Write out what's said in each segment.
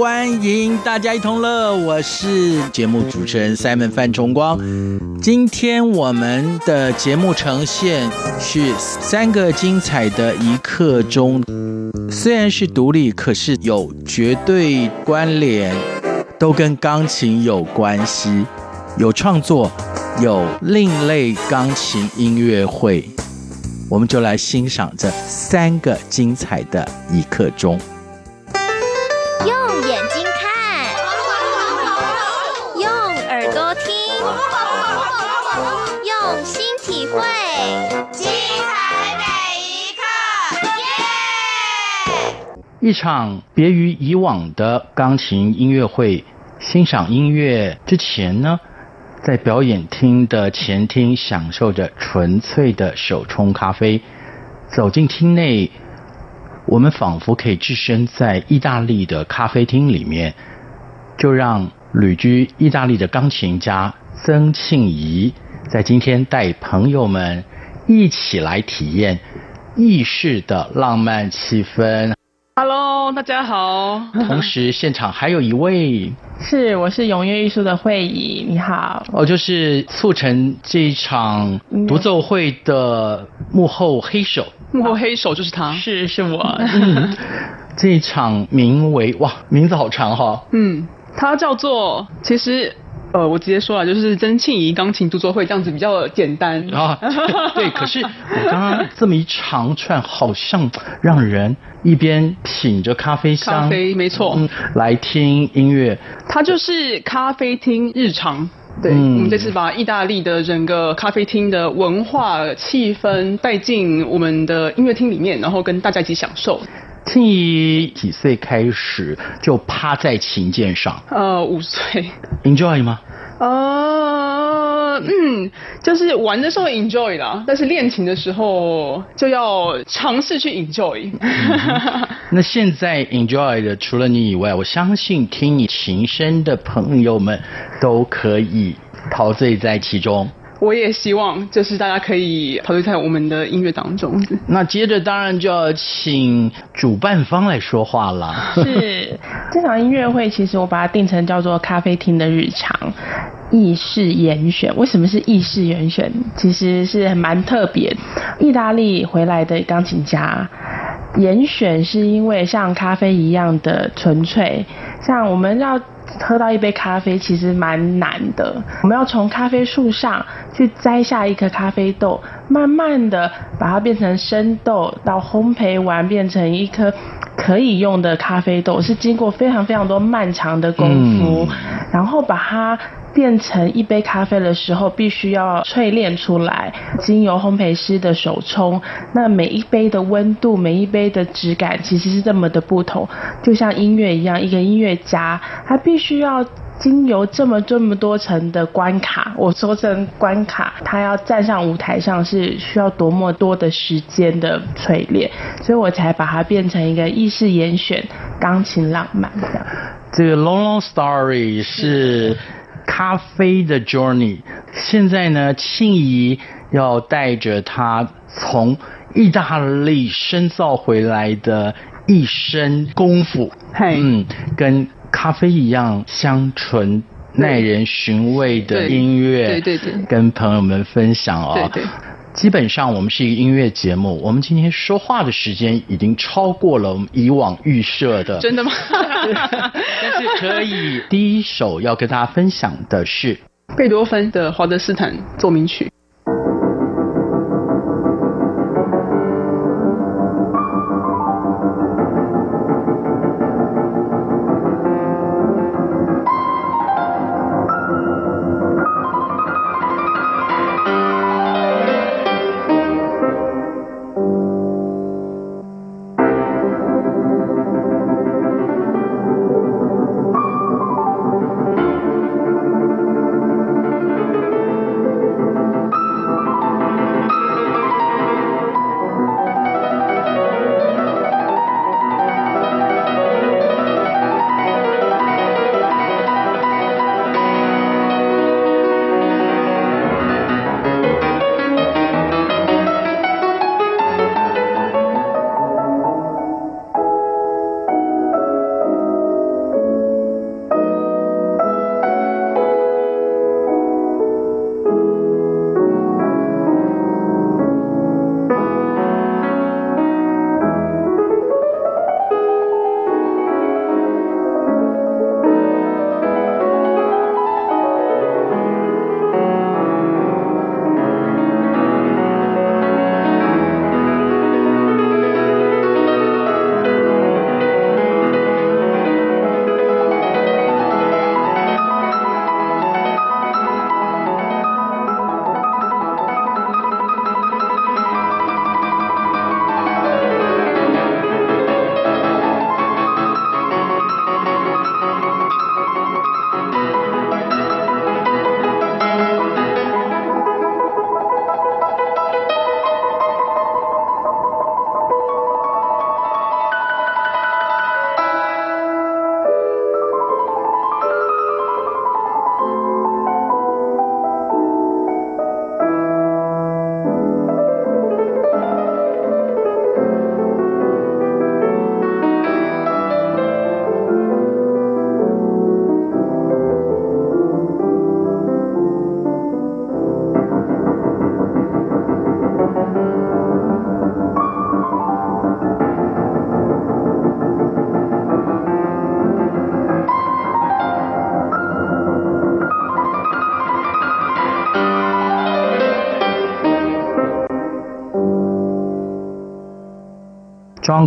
歡迎大家一同樂，我是節目主持人 Simon 范崇光。今天我們的節目呈現是三個精彩的一刻鐘，雖然是獨立，可是有絕對關聯，都跟鋼琴有關係，有創作，有另類鋼琴音樂會，我們就來欣賞這三個精彩的一刻鐘。一場別於以往的鋼琴音樂會，欣賞音樂之前呢，在表演廳的前廳享受着純粹的手沖咖啡。走進廳內，我們仿佛可以置身在意大利的咖啡廳裡面。就讓旅居意大利的鋼琴家曾慶儀在今天帶朋友們一起來體驗意式的浪漫氣氛。哈嘍，大家好。同時，現場還有一位。 是，我是永越藝術的會議，你好。哦，就是促成這一場獨奏會的幕後黑手。幕、嗯、後黑手就是他。是，是我。 嗯、這一場名為哇，名字好長哈、哦。嗯，它叫做其實。呃，我直接說啊，就是曾慶怡鋼琴獨奏會這樣子比較簡單啊，對。對，可是我剛剛這麼一長串，好像讓人一邊品着咖啡香，咖啡沒錯，嗯，來聽音樂。它就是咖啡廳日常，對，我、嗯、們、嗯、這次把意大利的整個咖啡廳的文化氣氛帶進我們的音樂廳裡面，然後跟大家一起享受。心儀幾歲開始就趴在琴鍵上？呃，五歲。Enjoy 嗎？呃，嗯，就是玩的時候 Enjoy 啦，但是練琴的時候就要嘗試去 Enjoy、 嗯。那現在 Enjoy 的除了你以外，我相信聽你琴聲的朋友們都可以陶醉在其中。我也希望，就是大家可以陶醉在我們的音樂當中。那接着當然就要請主辦方來說話了，是。是這場音樂會，其實我把它定成叫做“咖啡廳的日常”，意式嚴選。為什麼是意式嚴選？其實是蠻特別，意大利回來的鋼琴家。嚴選是因為像咖啡一樣的純粹，像我們要。喝到一杯咖啡其實蠻難的，我們要從咖啡樹上去摘下一顆咖啡豆。慢慢的把它變成生豆，到烘焙完變成一顆可以用的咖啡豆，是經過非常非常多漫長的功夫，嗯，然後把它變成一杯咖啡的時候，必須要淬煉出來，經由烘焙師的手沖，那每一杯的溫度，每一杯的質感，其實是這麼的不同，就像音樂一樣，一個音樂家他必須要。經由這麼這麼多層的關卡，我說成關卡，他要站上舞台上是需要多麼多的時間的淬煉，所以我才把它變成一個意式嚴選鋼琴浪漫，這、這個《Long Long Story》是《咖啡的 journey》，嗯，現在呢，慶怡要帶着它從意大利深造回來的一身功夫，嘿嗯，跟咖啡一樣香醇、耐人尋味的音樂。對，對對對，跟朋友們分享哦對、對對對，基本上我們是一個音樂節目，我們今天說話的時間已經超過了我們以往預設的。真的嗎？ 但是可以。第一首要跟大家分享的是貝多芬的《華德斯坦奏鳴曲》。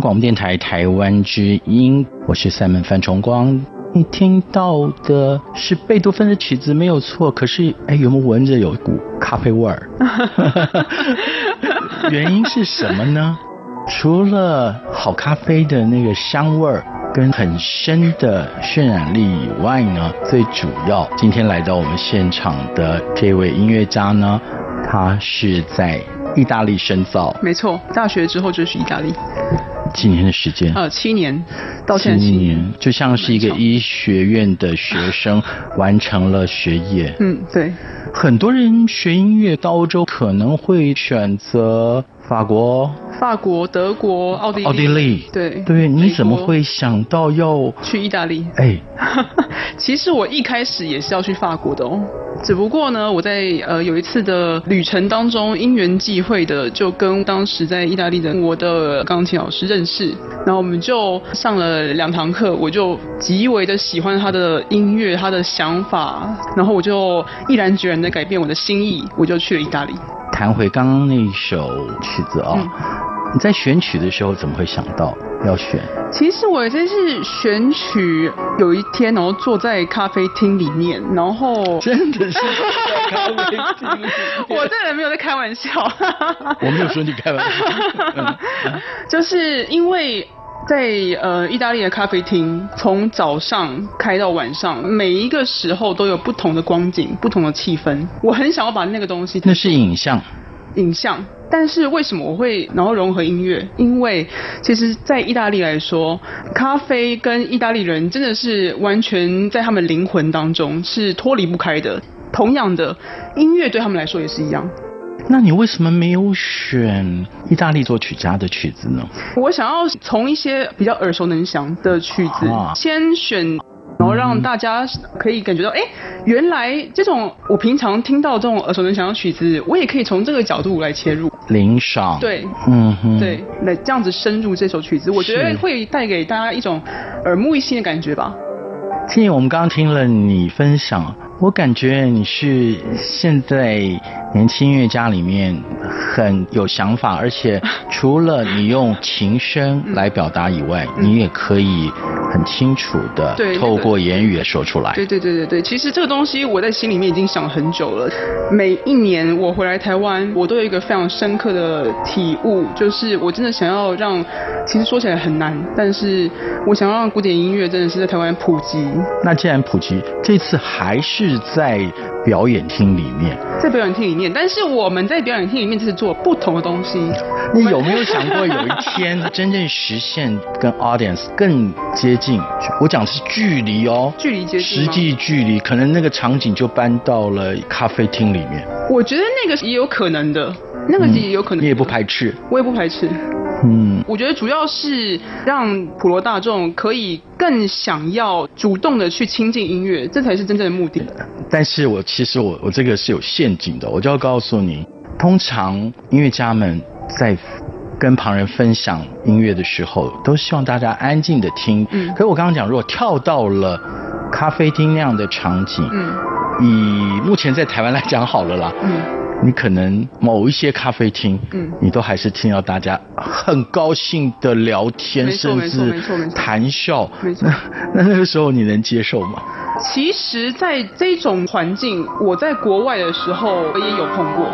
廣播電台台灣之音，我是塞門范崇光。你聽到的是貝多芬的曲子，沒有錯。可是，哎、欸，有沒有聞着有一股咖啡味兒？ 原因是什麼呢？除了好咖啡的那個香味兒跟很深的渲染力以外呢，最主要，今天來到我們現場的這位音樂家呢，他是在意大利深造沒錯，大學之後就是意大利。幾年的時間？呃，七年。七年，七年，就像是一個醫學院的學生完成了學業。嗯，對。很多人學音樂到歐洲可能會選擇法國、法國、德國、奧地利、奧地利。對對，你怎麼會想到要去意大利？哎， 其實我一開始也是要去法國的哦，只不過呢，我在呃有一次的旅程當中因緣際會的就跟當時在意大利的我的鋼琴老師認識，然後我們就上了。呃，兩堂課我就極為的喜歡他的音樂，他的想法，然後我就毅然決然的改變我的心意，我就去了意大利。彈回剛剛那一首曲子啊、哦嗯，你在選曲的時候怎麼會想到要選？其實我真是選曲，有一天然後坐在咖啡廳裡面，然後真的是咖啡廳， 我這人沒有在開玩笑， 我沒有說你開玩笑， 就是因為。在呃，意大利的咖啡廳，從早上開到晚上，每一個時候都有不同的光景、不同的氣氛。我很想要把那個東西，它是影像，影像。但是為什麼我會然後融合音樂？因為其實，在意大利來說，咖啡跟意大利人真的是完全在他們靈魂當中是脫離不開的。同樣的，音樂對他們來說也是一樣。那你為什麼沒有選意大利作曲家的曲子呢？我想要從一些比較耳熟能詳的曲子先選，哦、然後讓大家可以感覺到，誒，原來這種我平常聽到這種耳熟能詳的曲子，我也可以從這個角度來切入。聆賞，對，嗯哼，對，來這樣子深入這首曲子，我覺得會帶給大家一種耳目一新的感覺吧。聽，今天我們剛剛聽了你分享。我感覺你是現在年輕音樂家裡面很有想法，而且除了你用琴聲來表達以外，嗯，你也可以很清楚的透過言語也說出來。對對對對對，對，對，對，其實這個東西我在心裡面已經想很久了。每一年我回來台灣，我都有一個非常深刻的體悟，就是我真的想要讓，其實說起來很難，但是我想要讓古典音樂真的是在台灣普及。那既然普及，這次還是。是在表演廳裡面，在表演廳裡面，但是我們在表演廳裡面就是做不同的東西。 你有沒有想過有一天真正實現跟 audience 更接近？我講的是距離哦，距離接近，實際距離，可能那個場景就搬到了咖啡廳裡面。我覺得那個也有可能的。那個也有可能、嗯，你也不排斥，我也不排斥。嗯，我覺得主要是讓普羅大眾可以更想要主動的去親近音樂，這才是真正的目的。但是我其實我我這個是有陷阱的，我就要告訴你，通常音樂家們在跟旁人分享音樂的時候，都希望大家安靜的聽。嗯。可是我剛剛講，如果跳到了咖啡廳那樣的場景，嗯，以目前在台灣來講，好了啦，嗯。你可能某一些咖啡廳，嗯，你都還是聽到大家很高興的聊天，甚至談笑。那那那個時候你能接受嗎？其實，在這種環境，我在國外的時候我也有碰過，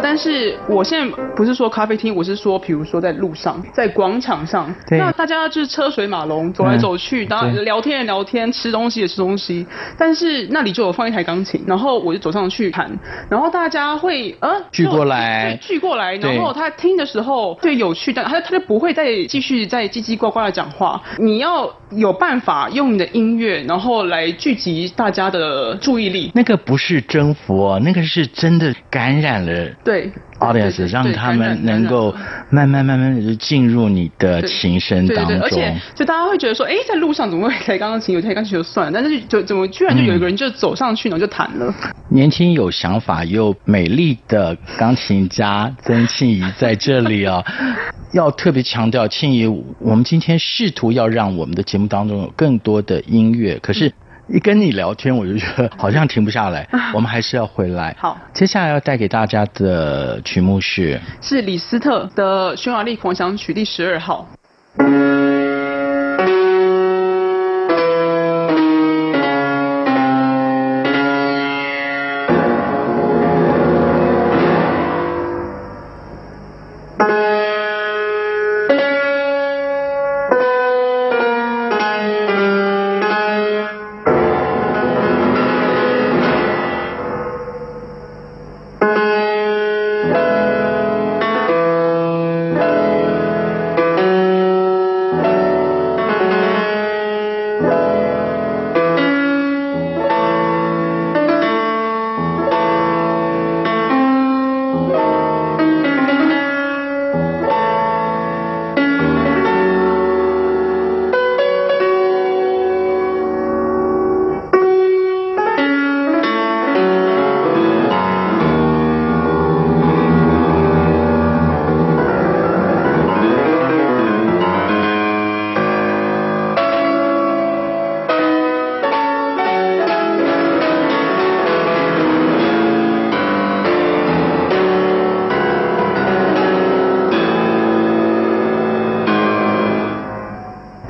但是我現在不是說咖啡廳，我是說，比如說在路上，在廣場上對，那大家就是車水馬龍，走來走去，嗯、然後聊天聊天，吃東西也吃東西。但是那裡就有放一台鋼琴，然後我就走上去彈，然後大家會呃、啊、聚過來，聚過來，然後他聽的時候，對有趣，但他就他就不會再繼續再嘰嘰呱呱的講話。你要有辦法用你的音樂，然後來聚集。以大家的注意力，那個不是征服、哦，那個是真的感染了 audience, 對 audience，讓他們能夠慢慢慢慢進入你的琴聲當中。而且，就大家會覺得說，哎，在路上怎麼會彈鋼琴？有彈鋼琴就算了，但是就怎麼居然就有一個人就走上去，然、嗯、後就彈了。年輕有想法又美麗的鋼琴家曾慶怡在這裡啊、哦， 要特別強調，慶怡，我們今天試圖要讓我們的節目當中有更多的音樂，可是。嗯一跟你聊天，我就覺得好像停不下來。嗯。我們還是要回來。啊，好，接下來要帶給大家的曲目是是李斯特的《匈牙利狂想曲》第十二號。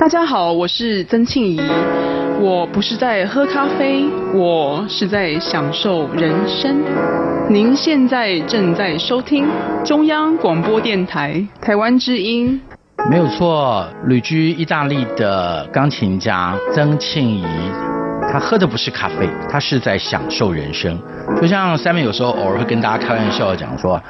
大家好，我是曾慶怡，我不是在喝咖啡，我是在享受人生。您現在正在收聽中央廣播電臺台灣之音。沒有錯，旅居意大利的鋼琴家曾慶怡，她喝的不是咖啡，她是在享受人生。就像三妹有時候偶爾會跟大家開玩笑講說。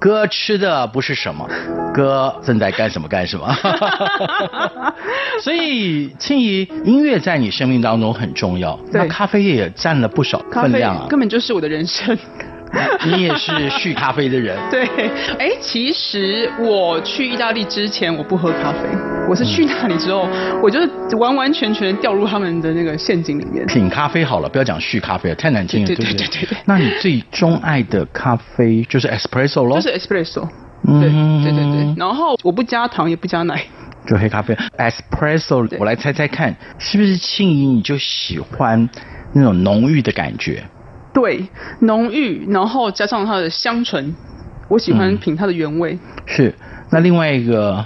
哥吃的不是什麼，哥正在幹什麼幹什麼？ 所以慶怡，音樂在你生命當中很重要。對。那咖啡也占了不少分量啊，根本就是我的人生。 欸、你也是續咖啡的人。 對，哎、欸，其實我去意大利之前我不喝咖啡，我是去那裡之後，嗯、我就是完完全全掉入他們的那個陷阱裡面。品咖啡好了，不要講續咖啡了，太難聽了，對對對對，對，對，對，對，那你最鍾愛的咖啡就是 espresso 咯？就是 espresso 對。對對對對。然後我不加糖也不加奶，就黑咖啡 espresso。我來猜猜看，是不是青怡你就喜歡那種濃郁的感覺？對，濃郁，然後加上它的香醇，我喜歡品它的原味。嗯、是，那另外一個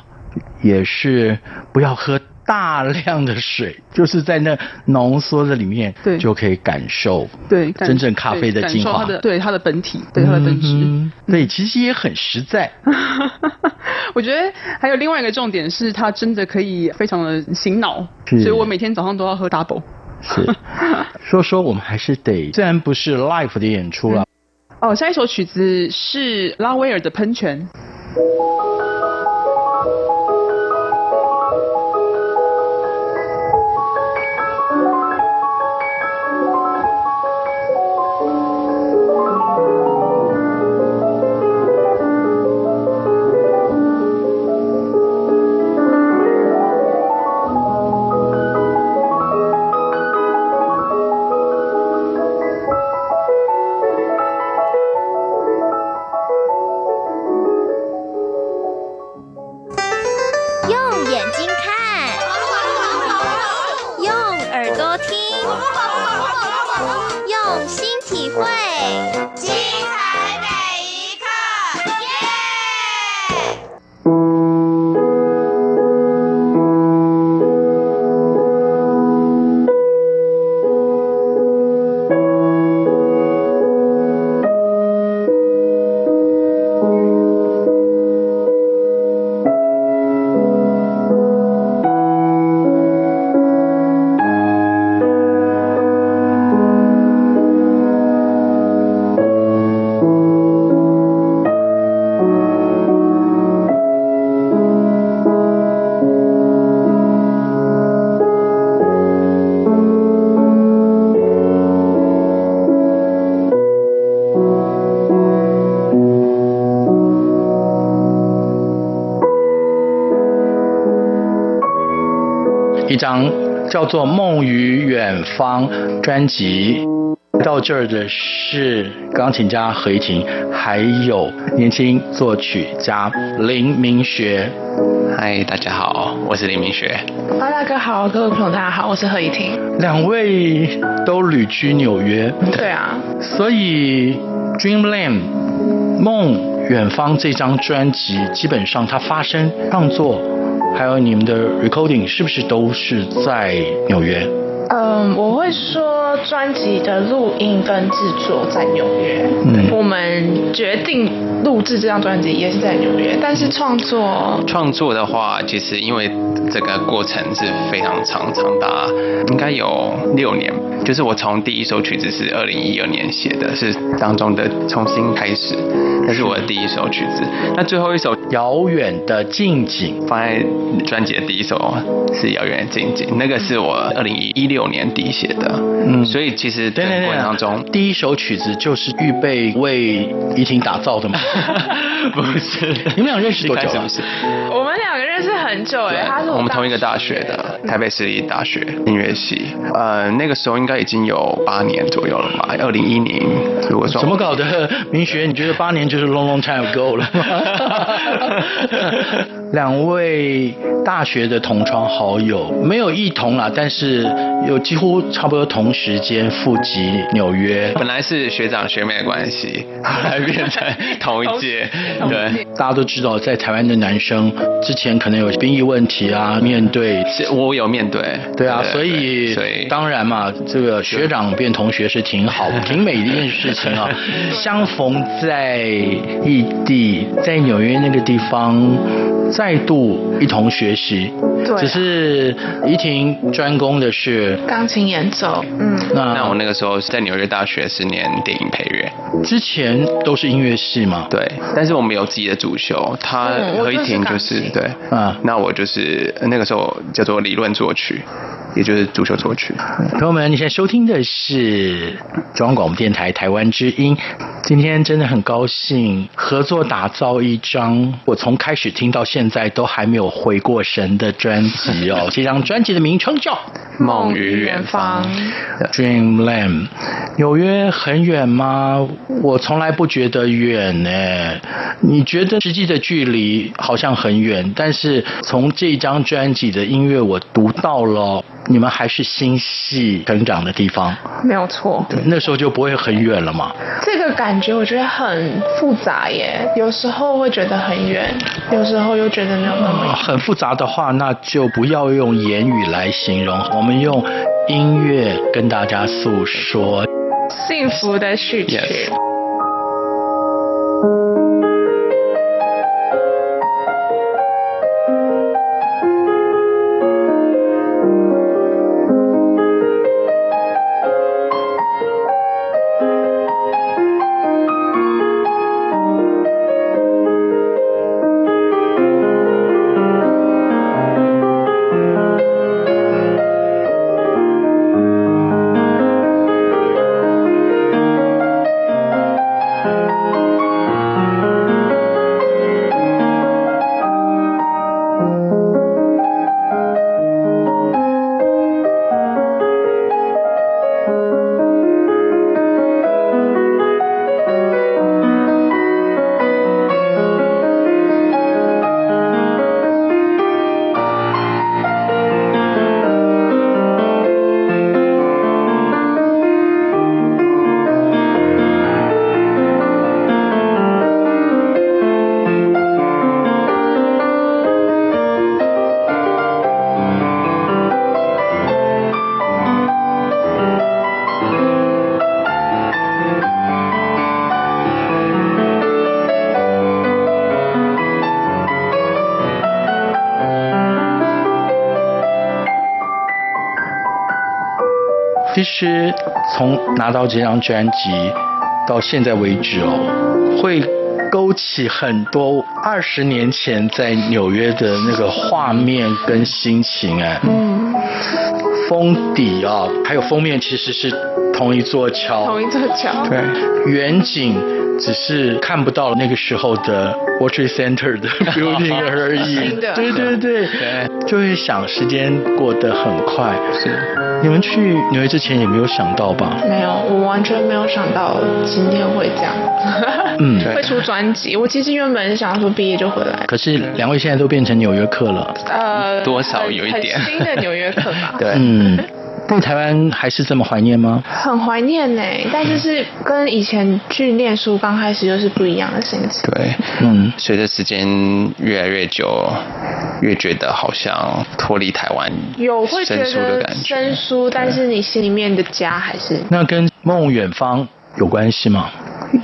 也是不要喝大量的水，就是在那濃縮的裡面，對，就可以感受對真正咖啡的精華，對，對，它，的對它的本體，對它的本質、嗯，對，其實也很實在。嗯、 我覺得還有另外一個重點是，它真的可以非常的醒腦，所以我每天早上都要喝 double。 是，說說我們還是得，雖然不是 live 的演出了，嗯。哦，下一首曲子是拉威爾的噴泉。叫做《夢與遠方》專輯，到這兒的是鋼琴家何依婷，還有年輕作曲家林明學。嗨，大家好，我是林明學。哈、啊，大哥好，各位朋友大家好，我是何依婷。兩位都旅居紐約，嗯、對啊對，所以《Dreamland》夢遠方這張專輯，基本上它發生創作。還有你們的 recording 是不是都是在紐約？嗯，我會說專輯的錄音跟制作在紐約。嗯，我們決定錄制這張專輯也是在紐約，但是創作創作的話，其實因為這個過程是非常長，長達應該有六年吧。就是我從第一首曲子是二零一二年寫的，是當中的重新開始，那是我的第一首曲子。嗯、那最後一首遙遠的近景放在專輯的第一首是遙遠的近景，那個是我二零一六年底寫的。嗯，所以其實、嗯、對。過程當中第一首曲子就是預備為怡婷打造的嗎？ 不是，你們倆認識多久？我們兩個認識。很久、欸、對我，我們同一個大學的，嗯、台北市立大學音樂系，呃，那個時候應該已經有八年左右了吧，二零一零。嗯怎麼搞的，明學？你覺得八年就是 long long time ago 了嗎？ 兩位大學的同窗好友沒有一同啦，但是有幾乎差不多同時間負笈紐約，本來是學長學妹關係，後 來變成同一屆。 對，大家都知道，在台灣的男生之前可能有兵役問題啊，面對，我有面對。對啊，對所以，所以當然嘛，這個學長變同學是挺好、挺美的一件事情。 很好。相逢在異地，在紐約那個地方，再度一同學習。對，只是怡婷專攻的是鋼琴演奏，嗯。那，那我那個時候是在紐約大學，是念電影配樂，之前都是音樂系嘛。對，但是我們有自己的主修，他和怡婷就是，、嗯、就是對，啊，那我就是那個時候叫做理論作曲，也就是主修作曲。朋友們，你現在收聽的是中央廣播電台台灣。知音，今天真的很高興合作打造一張我從開始聽到現在都還沒有回過神的專輯哦！這張專輯的名稱叫《夢與遠方》（Dreamland）。紐約很遠嗎？我從來不覺得遠呢。你覺得實際的距離好像很遠，但是從這張專輯的音樂，我讀到了你們還是心繫成長的地方。沒有錯，對，那時候就不會很遠了嘛。這個感覺我覺得很複雜耶，有時候會覺得很遠，有時候又覺得沒有那麼遠……很複雜的話，那就不要用言語來形容，我們用音樂跟大家訴說幸福的序曲。Yes. 其實從拿到這張專輯到現在為止哦，會勾起很多二十年前在紐約的那個畫面跟心情哎、啊。嗯。封底啊、哦，還有封面其實是同一座橋。同一座橋。對。遠景只是看不到那個時候的 World Trade Center 的 building 而已。對的。對對對。對對，就會想時間過得很快。是。你們去紐約之前也沒有想到吧？沒有，我完全沒有想到今天會這樣， 嗯，會出專輯。我其實原本想說畢業就回來，可是兩位現在都變成紐約客了，呃，多少有一點新的紐約客吧， 對。嗯。在台灣還是這麼懷念嗎？很懷念呢、欸，但就是跟以前去念書剛開始就是不一樣的心情。對，嗯，隨着時間越來越久，越覺得好像脫離台灣，有會覺得生疏，但是你心裡面的家還是。那跟夢遠方有關係嗎？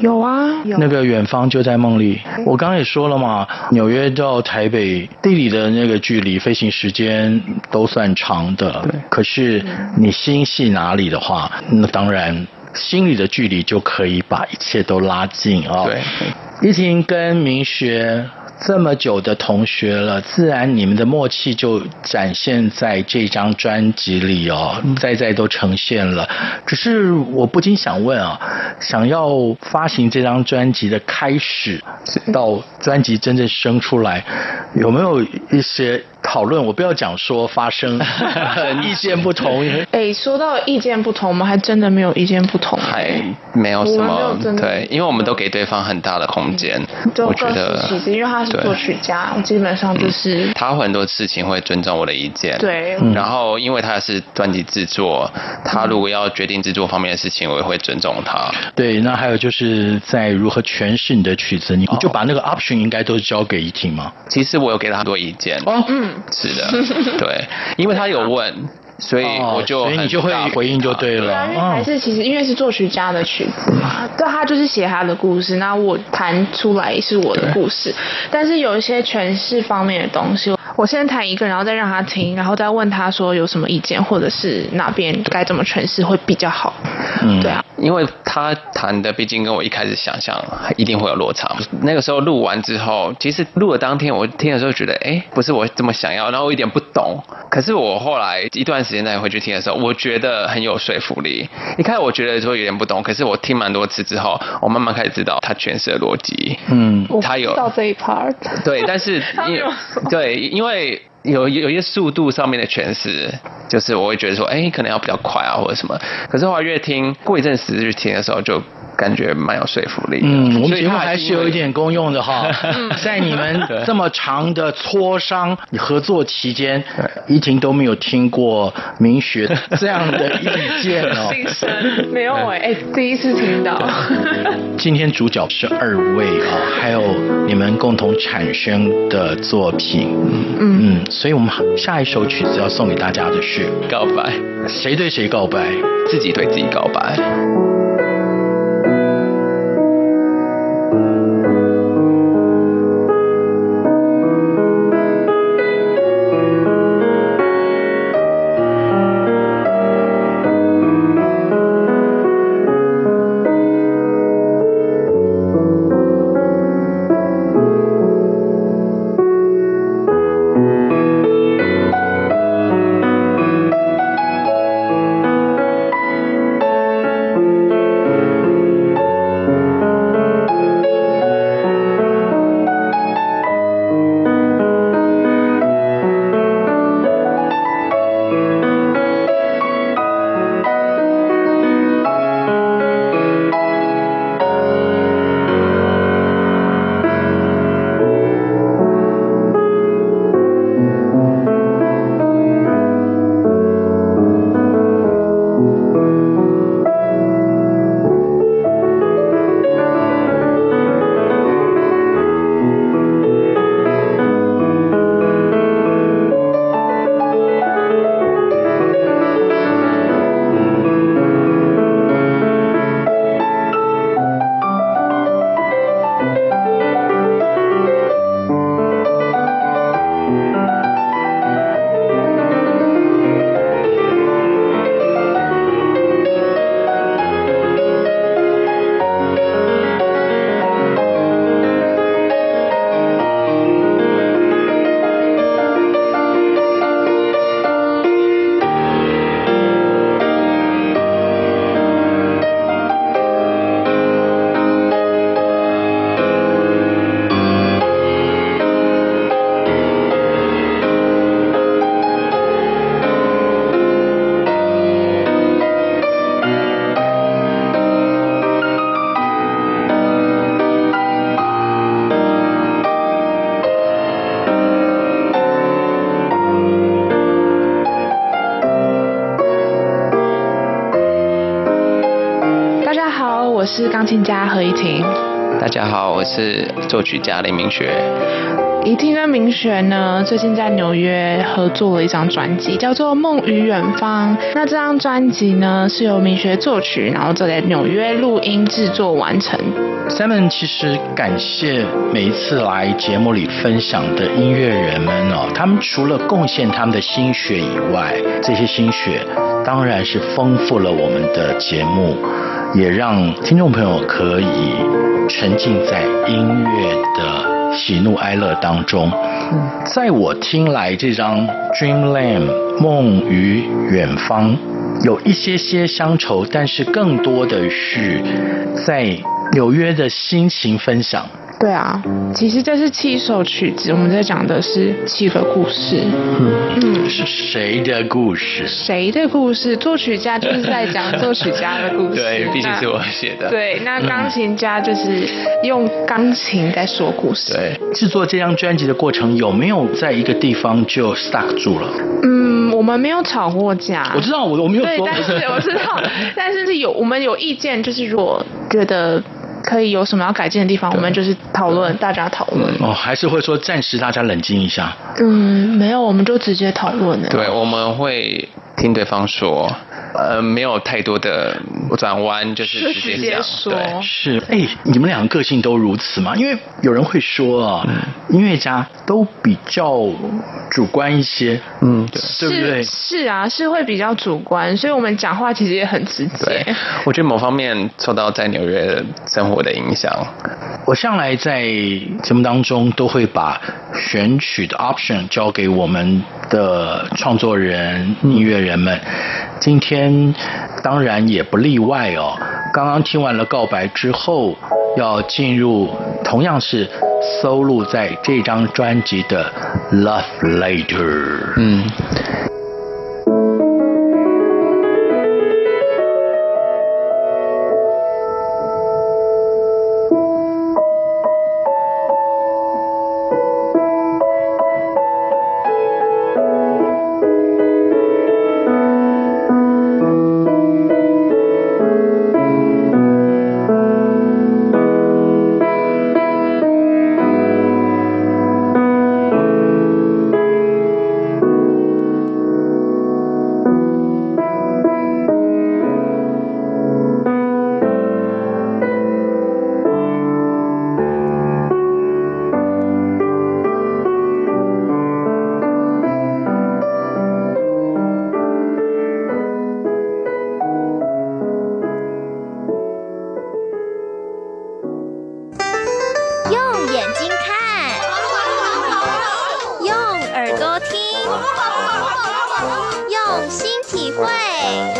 有啊，那個遠方就在夢裡。我剛剛也說了嘛，紐約到台北地理的那個距離，飛行時間都算長的。可是你心繫哪裡的話，那當然心裡的距離就可以把一切都拉近啊，哦。對，一婷跟明學。這麼久的同學了，自然你們的默契就展現在這張專輯裡哦，在在都呈現了。只是我不禁想問啊，想要發行這張專輯的開始，到專輯真正生出來，有沒有一些討論，我不要講說發生意見不同，哎、 欸，說到意見不同，我們還真的沒有意見不同，還沒有什麼沒有真的對，因為我們都給對方很大的空間、嗯，我覺得，因為他是作曲家，基本上就是、嗯、他很多事情會尊重我的意見，對，嗯、然後因為他是專輯製作，他如果要決定製作方面的事情、嗯，我也會尊重他，對。那還有就是在如何詮釋你的曲子、哦，你就把那個 option 應該都交給怡婷嗎？其實我有給他很多意見，哦，嗯。 是的，對，因為他有問，所以我就，就、 哦，所以你就會回應就對了。對啊、還是其實，因為是作曲家的曲子嘛，對、哦， 他就是寫他的故事，那我彈出來是我的故事，但是有一些詮釋方面的東西。我先彈一個，然後再讓他聽，然後再問他說有什麼意見，或者是哪邊該怎麼詮釋會比較好、嗯，對啊，因為他彈的畢竟跟我一開始想象一定會有落差。那個時候錄完之後，其實錄的當天我聽的時候覺得，哎、欸，不是我這麼想要，然後我一點不懂。可是我後來一段時間再回去聽的時候，我覺得很有說服力。一開始我覺得說有點不懂，可是我聽蠻多次之後，我慢慢開始知道他詮釋的邏輯。嗯，他有到這一 part。對，但是因為對因為。因為有有一些速度上面的詮釋，就是我會覺得說，哎、欸，可能要比較快啊，或者什麼。可是後來越聽，過一陣子，去聽的時候，就。感覺蠻有說服力。嗯，我們節目還是有一點功用的哈，在你們這麼長的磋商合作期間， 一婷都沒有聽過明學這樣的意見哦、喔。 沒有哎、欸 欸，第一次聽到。 今天主角是二位啊，還有你們共同產生的作品。嗯嗯，所以我們下一首曲子要送給大家的是《告白》，誰對誰告白，自己對自己告白。是作曲家林明學。一聽到明學呢，最近在紐約合作了一張專輯，叫做《夢與遠方》。那這張專輯呢，是由明學作曲，然後在紐約錄音製作完成。Simon，其實感謝每一次來節目裡分享的音樂人們哦，他們除了貢獻他們的心血以外，這些心血當然是豐富了我們的節目，也讓聽眾朋友可以。沉浸在音樂的喜怒哀樂當中，在我聽來，這張 Dreamland 夢與遠方有一些些鄉愁，但是更多的是在紐約的心情分享。對啊，其實這是七首曲子，我們在講的是七個故事。嗯，嗯，是誰的故事？誰的故事？作曲家就是在講作曲家的故事。 對，畢竟是我寫的。對，那鋼琴家就是用鋼琴在說故事。對，制作這張專輯的過程有沒有在一個地方就 stuck 住了？嗯，我們沒有吵過架。我知道我我沒有說對，但是我知道，但是是有我們有意見，就是如果覺得。可以有什麼要改進的地方，我們就是討論，大家討論。嗯，哦，還是會說暫時大家冷靜一下。嗯，沒有，我們就直接討論。對，我們會聽對方說。呃，沒有太多的轉彎，就是直接講。對，是。哎、欸，你們兩個個性都如此嗎？因為有人會說啊，嗯、音樂家都比較主觀一些。嗯，對，是不是？是啊，是會比較主觀，所以我們講話其實也很直接。我覺得某方面受到在紐約生活的影響。我向來在節目當中都會把選曲的 option 交給我們的創作人、音樂人們，今天當然也不例外哦。剛剛聽完了《告白》之後，要進入同樣是收錄在這張專輯的《Love Later》。嗯。用心體會。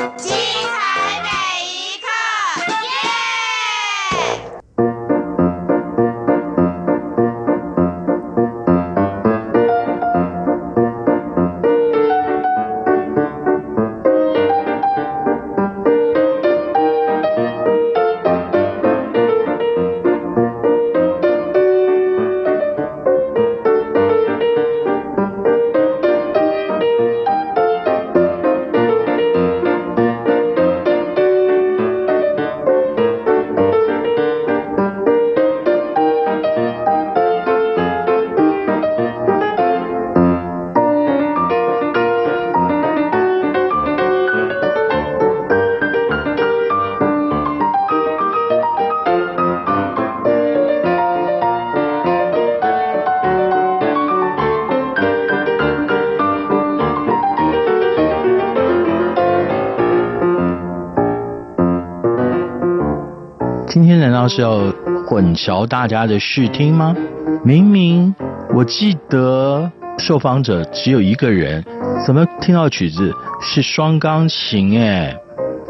是要混淆大家的視聽嗎？明明我記得受訪者只有一個人，怎麼聽到曲子是雙鋼琴、欸？哎，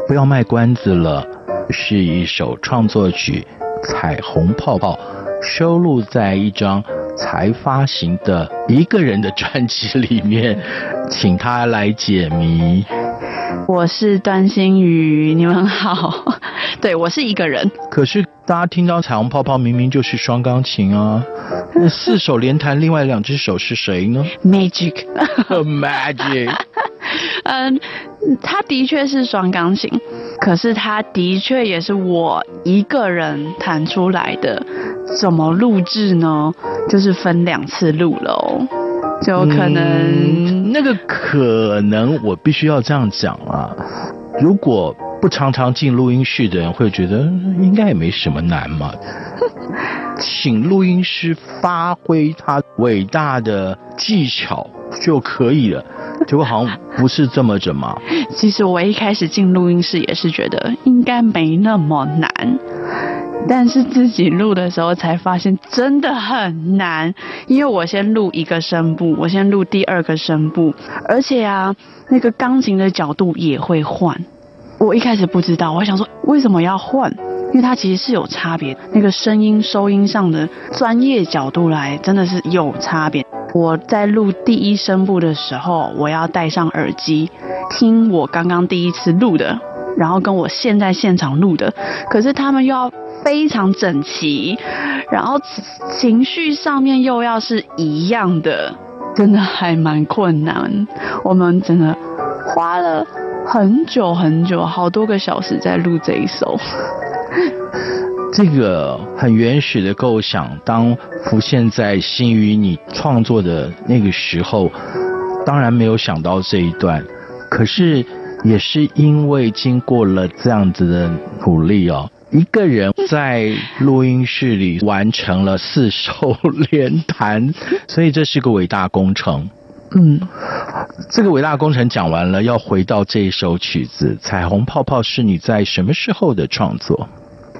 不要賣關子了，是一首創作曲《彩虹泡泡》，收錄在一張才發行的一個人的專輯裡面，請他來解謎。我是段心魚，你們好， 對我是一個人，可是。大家聽到彩虹泡泡，明明就是雙鋼琴啊，那四手連彈， 另外兩隻手是誰呢？Magic，Magic， 嗯，他的確是雙鋼琴，可是他的確也是我一個人彈出來的，怎麼錄製呢？就是分兩次錄嘍，哦，就可能，嗯、那個可能我必須要這樣講啊，如果。不常常進錄音室的人會覺得應該也沒什麼難嘛，請錄音師發揮他偉大的技巧就可以了，結果好像不是這麼整嘛。 其實我一開始進錄音室也是覺得應該沒那麼難，但是自己錄的時候才發現真的很難，因為我先錄一個聲部，我先錄第二個聲部，而且啊，那個鋼琴的角度也會換。我一開始不知道，我想說為什麼要換，因為它其實是有差別。那個聲音收音上的專業角度來，真的是有差別。我在錄第一聲部的時候，我要戴上耳機聽我剛剛第一次錄的，然後跟我現在現場錄的，可是他們又要非常整齊，然後情緒上面又要是一樣的，真的還蠻困難。我們真的花了。很久很久，好多個小時在錄這一首。這個很原始的構想，當浮現在心於你創作的那個時候，當然沒有想到這一段。可是，也是因為經過了這樣子的努力哦，一個人在錄音室裡完成了四手聯彈，所以這是個偉大工程。嗯，這個偉大工程講完了，要回到這一首曲子《彩虹泡泡》，是你在什麼時候的創作？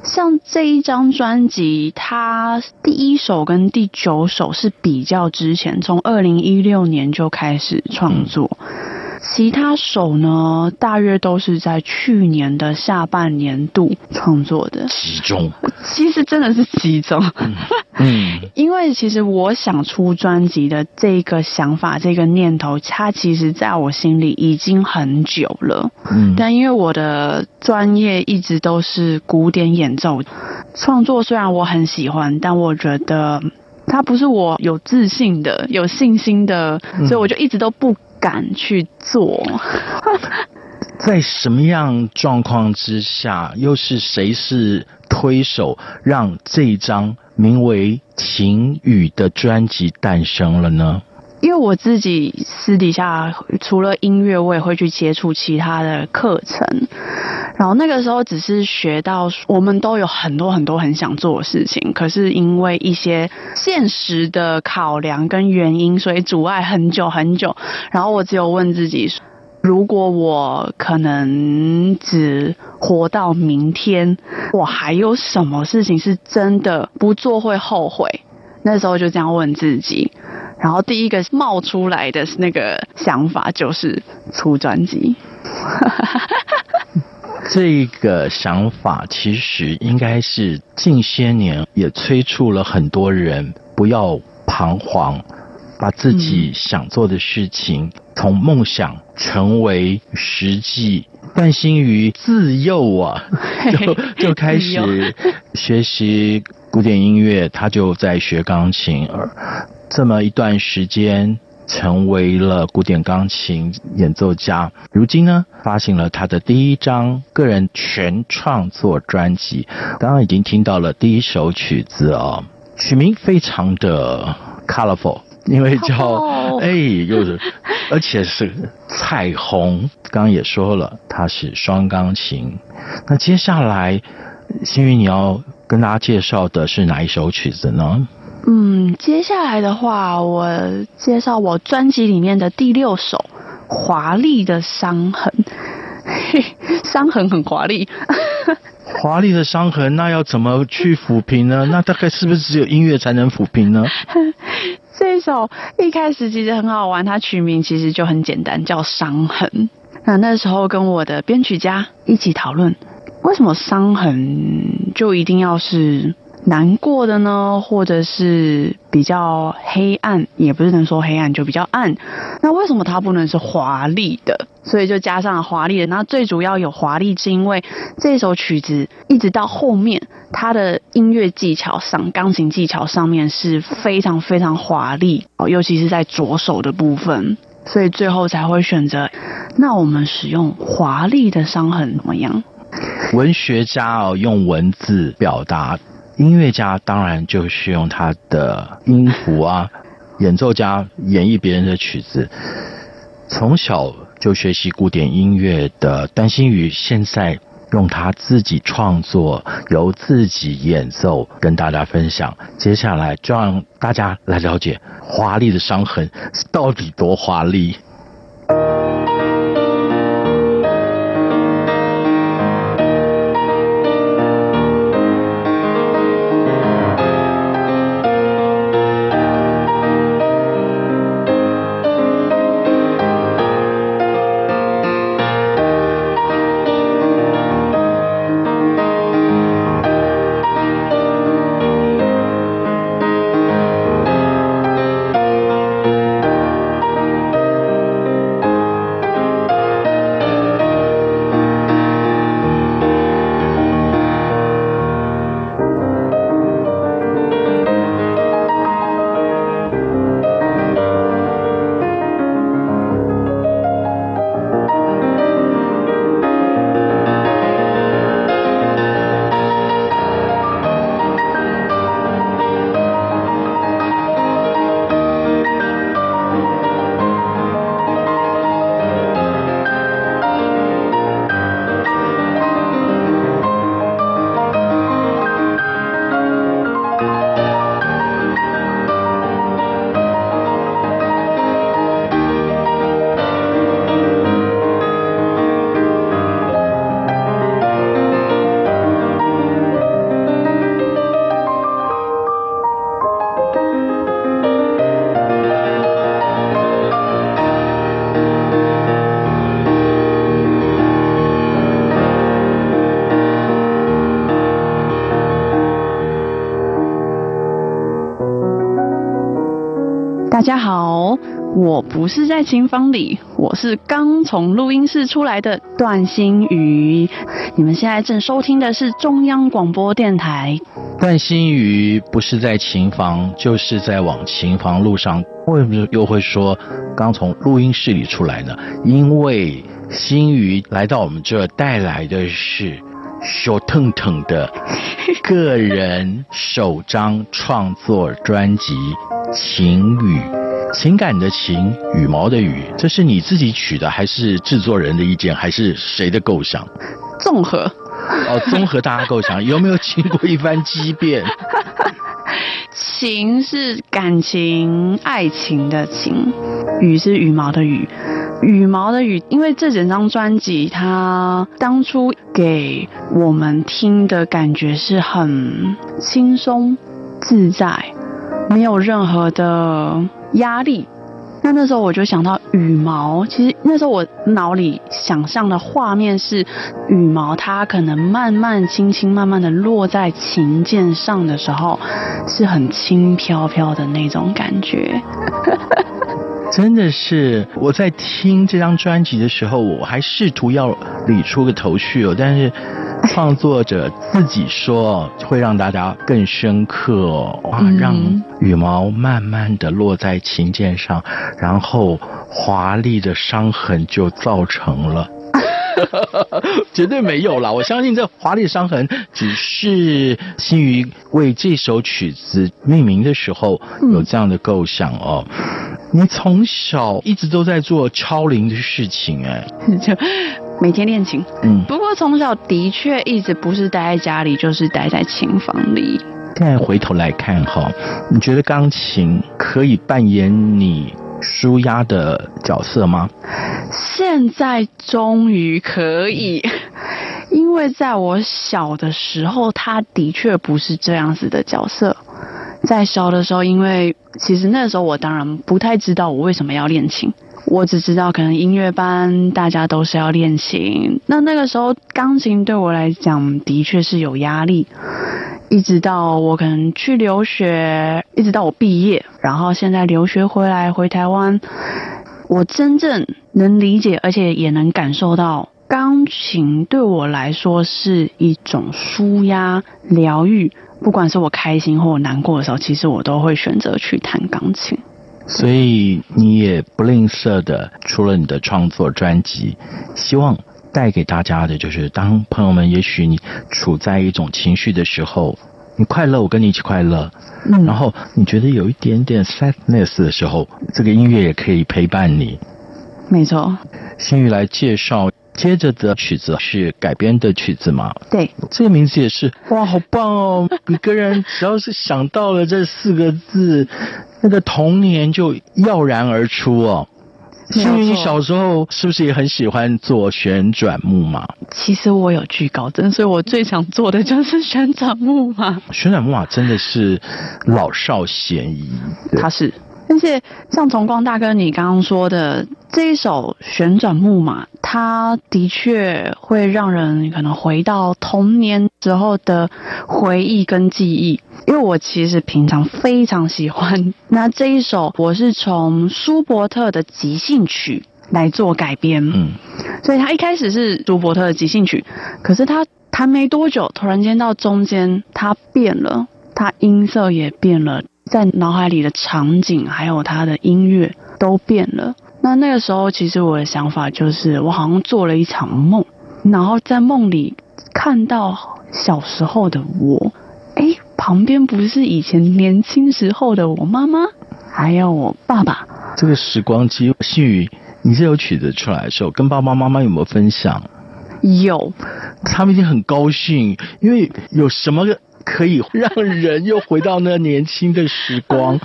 像這一張專輯，它第一首跟第九首是比較之前，從二零一六年就開始創作。嗯。其他首呢，大約都是在去年的下半年度創作的。集中， 其實真的是集中。嗯，嗯 因為其實我想出專輯的這個想法、這個念頭，它其實在我心裡已經很久了。嗯，但因為我的專業一直都是古典演奏，創作雖然我很喜歡，但我覺得它不是我有自信的、有信心的，所以我就一直都不。敢去做 ，在什麼樣狀況之下，又是誰是推手，讓這一張名為《情語》的專輯誕生了呢？因為我自己私底下除了音樂，我也會去接觸其他的課程。然後那個時候只是學到，我們都有很多很多很想做的事情，可是因為一些現實的考量跟原因，所以阻礙很久很久。然後我只有問自己：如果我可能只活到明天，我還有什麼事情是真的不做會後悔？那時候就這樣問自己。然後第一個冒出來的那個想法就是出專輯。 這個想法其實應該是近些年也催促了很多人不要彷徨，把自己想做的事情從夢想成為實際。但心於自幼啊，就就開始學習古典音樂，他就在學鋼琴，而這麼一段時間。成為了古典鋼琴演奏家，如今呢，發行了他的第一張個人全創作專輯。剛剛已經聽到了第一首曲子哦，曲名非常的 colorful，因為叫、oh. 哎，又是而且是彩虹。剛剛也說了，它是雙鋼琴。那接下來，幸宇你要跟大家介紹的是哪一首曲子呢？嗯，接下來的話，我介紹我專輯裡面的第六首《華麗的傷痕》，嘿，傷痕很華麗。華 麗的傷痕，那要怎麼去撫平呢？那大概是不是只有音樂才能撫平呢？ 這一首一開始其實很好玩，它取名其實就很簡單，叫傷痕。那那時候跟我的編曲家一起討論，為什麼傷痕就一定要是？難過的呢，或者是比較黑暗，也不是能說黑暗就比較暗。那為什麼它不能是華麗的？所以就加上了華麗的。那最主要有華麗，是因為這首曲子一直到後面，它的音樂技巧上，鋼琴技巧上面是非常非常華麗，尤其是在左手的部分，所以最後才會選擇。那我們使用華麗的傷痕怎麼樣？文學家哦，用文字表達。音樂家當然就是用他的音符啊，演奏家，演繹別人的曲子。從小就學習古典音樂的段新宇，現在用他自己創作、由自己演奏，跟大家分享。接下來就讓大家來了解華麗的傷痕到底多華麗。好，我不是在琴房裡，我是剛從錄音室出來的段心瑜，你們現在正收聽的是中央廣播電臺。段心瑜不是在琴房，就是在往琴房路上。為什麼又會說剛從錄音室裡出來呢？因為心瑜來到我們這，帶來的是熱騰騰的個人首張創作專輯《晴雨》。情感的情，羽毛的羽，這是你自己取的，還是製作人的意見，還是誰的構想？綜合。哦，綜合大家構想， 有沒有經過一番激辯？情是感情、愛情的情，羽是羽毛的羽，羽毛的羽。因為這整張專輯，它當初給我們聽的感覺是很輕鬆自在，沒有任何的。壓力，那那時候我就想到羽毛。其實那時候我腦裡想象的畫面是，羽毛它可能慢慢、輕輕、慢慢的落在琴鍵上的時候，是很輕飄飄的那種感覺。 真的是，我在聽這張專輯的時候，我還試圖要理出個頭緒哦。但是，創作者自己說會讓大家更深刻啊，哦，讓羽毛慢慢地落在琴鍵上，然後華麗的傷痕就造成了。絕對沒有啦，我相信這華麗傷痕只是心宇為這首曲子命名的時候有這樣的構想哦。嗯、你從小一直都在做超齡的事情哎，就每天練琴。嗯，不過從小的確一直不是待在家裡，就是待在琴房裡。現在回頭來看哈、哦，你覺得鋼琴可以扮演你？舒壓的角色嗎？現在終於可以，因為在我小的時候，他的確不是這樣子的角色。在小的時候，因為其實那個時候我當然不太知道我為什麼要練琴，我只知道可能音樂班大家都是要練琴。那那個時候，鋼琴對我來講的確是有壓力。一直到我可能去留學，一直到我畢業，然後現在留學回來回台灣，我真正能理解，而且也能感受到，鋼琴對我來說是一種舒壓療癒。不管是我開心或難過的時候，其實我都會選擇去彈鋼琴。所以你也不吝嗇的出了你的創作專輯，希望。帶給大家的就是，當朋友們，也許你處在一種情緒的時候，你快樂，我跟你一起快樂，嗯，然後你覺得有一點點 sadness 的時候，這個音樂也可以陪伴你，沒錯。新宇來介紹，接着的曲子是改編的曲子嗎？對，這個名字也是，哇，好棒哦！每 個人只要是想到了這四個字，那個童年就躍然而出哦。因為你小時候是不是也很喜歡坐旋轉木馬？其實我有懼高症，所以我最想做的就是旋轉木馬。旋轉木馬真的是老少咸宜，它是。但是像從光大哥你剛剛說的這一首旋轉木馬，它的確會讓人可能回到童年時候的回憶跟記憶。因為我其實平常非常喜歡。那這一首我是從舒伯特的即興曲來做改編，嗯，所以他一開始是舒伯特的即興曲，可是他彈沒多久，突然間到中間他變了，他音色也變了，在腦海裡的場景，還有他的音樂都變了。那那個時候，其實我的想法就是，我好像做了一場夢，然後在夢裡看到小時候的我。哎、欸，旁邊不是以前年輕時候的我媽媽，還有我爸爸。這個時光機，幸運，你這首曲子出來的時候，跟爸爸媽媽有沒有分享？有，他們一定很高興，因為有什麼可以讓人又回到那年輕的時光，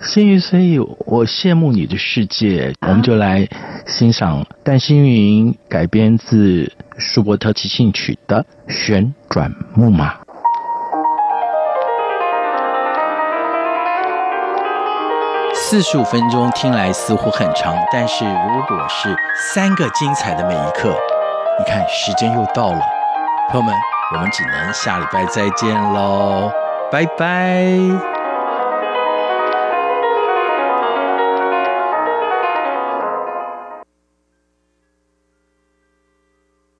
星雲，所以我羨慕你的世界。我們就來欣賞戴星雲改編自舒伯特《即興曲》的《旋轉木馬》。四十五分鐘聽來似乎很長，但是如果是三個精彩的每一刻，你看時間又到了，朋友們。我們只能下禮拜再見嘍，拜拜。